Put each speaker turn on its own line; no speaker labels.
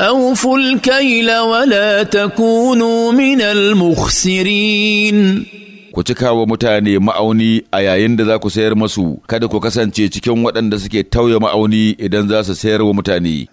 أوفوا الكيل ولا تكونوا من المخسرين
ku cika wa mutane ma'auni a yayin da za ku sayar masu kada ku kasance cikin waɗanda suke tauye ma'auni idan za su sayar wa mutane